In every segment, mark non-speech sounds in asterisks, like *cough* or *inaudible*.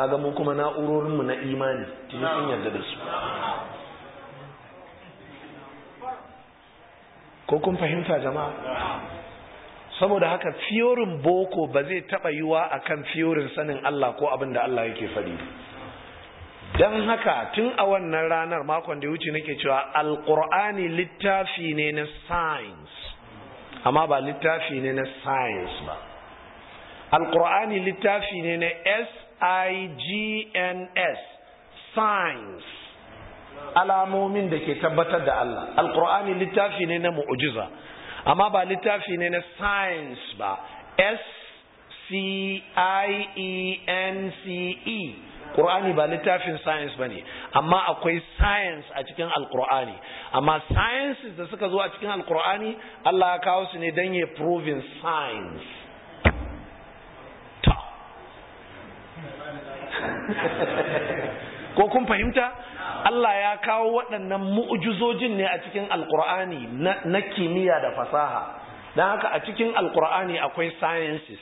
kaga mu kuma na'urorinmu na imani tuni sun yarda da su ko kun fahimta jama'a saboda haka fiyorin boko ba zai taɓa yiwa akan fiyorin sanin Allah ko abin da Allah yake faɗi dan haka tun a wannan ranar makon da wuce nake cewa alkur'ani littafi ne na science amma ba littafi ne na science ba alkur'ani littafi ne na s S signs alamomin da ke tabbatar da Allah alkur'ani littafi ne na mu'ujiza, amma ba littafi ne na science ba S C I E N C E Qur'ani ba littafin science ba ne, amma akwai science a cikin alqur'ani amma sciences da suka zo a cikin alkur'ani Allah ya kawo su ne dan ya proving science *laughs* ko kun fahimta Allah ya kawo waɗannan mu'ujizojin ne a cikin alkur'ani na kimiyya da fasaha don haka a cikin alkur'ani akwai sciences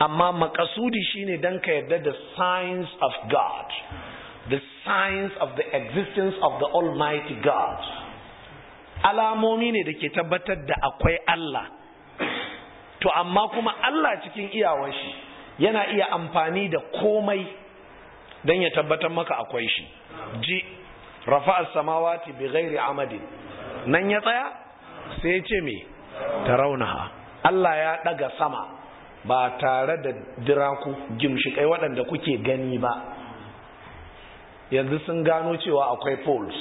amma makasudi shine don ka yarda da science of God the science of the existence of the almighty God alamomi ne da ke tabbatar da akwai Allah to amma kuma Allah cikin shi yana iya amfani da komai don ya tabbatar maka akwai shi ji Rafa samawati bi ghairi amadin nan ya tsaya sai ya ce me raunaha. Allah ya daga sama ba tare da diraku gimshikai waɗanda kuke gani ba yanzu sun gano cewa akwai poles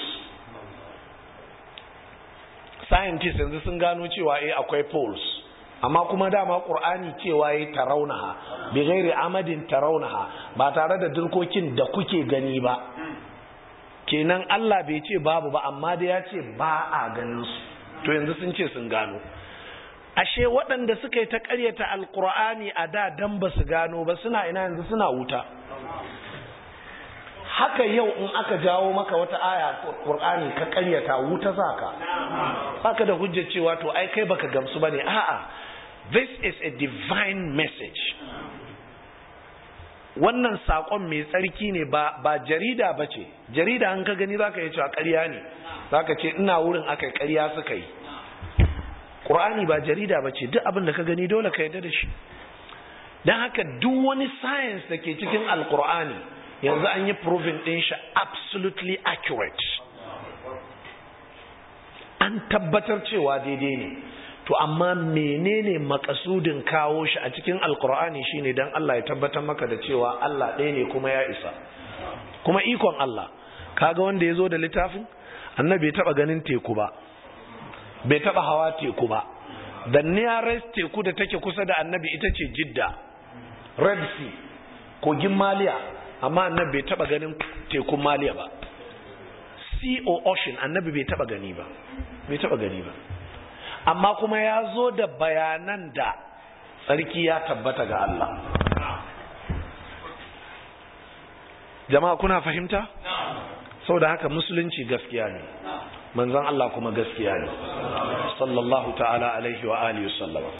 scientists yanzu sun gano cewa eh akwai poles amma kuma dama ƙur'ani cewa ya tarauna ha bi gairi amadin ha ba tare da dirkokin da kuke gani ba kenan Allah bai ce babu ba amma da ya ce ba a ganin su to yanzu sun ce sun gano ashe waɗanda suka yi ta ƙaryata alƙur'ani a da dan ba su gano ba suna ina yanzu suna wuta haka yau in aka jawo maka wata aya ƙur'ani ka ƙaryata wuta zaka haka da hujjar cewa to ai kai baka gamsu ba ne a'a this is a divine message wannan saƙon mai tsarki ne ba jarida ba ce jarida an ka gani za yi cewa ƙarya ne za ce ina wurin aka ƙarya suka yi ƙur'ani ba jarida ba ce duk abin da ka gani dole ka yarda da shi don haka duk wani science da ke cikin alƙur'ani yanzu an yi proving ɗin shi absolutely accurate an tabbatar cewa daidai ne to amma menene makasudin kawo shi a cikin alkur'ani shine dan Allah ya tabbatar maka da cewa Allah ɗaya ne kuma ya isa kuma ikon Allah kaga wanda ya zo da littafin annabi bai taba ganin teku ba bai taba hawa teku ba the nearest teku da take kusa da annabi ita ce jidda red sea kogin maliya amma annabi bai taba ganin tekun maliya ba sea or ocean annabi bai taɓa bai taba gani ba amma kuma ya zo da bayanan da tsarki ya tabbata ga Allah jama'a kuna fahimta sau da haka musulunci gaskiya ne manzan Allah kuma gaskiya ne sallallahu ta'ala alaihi wa alihi sallama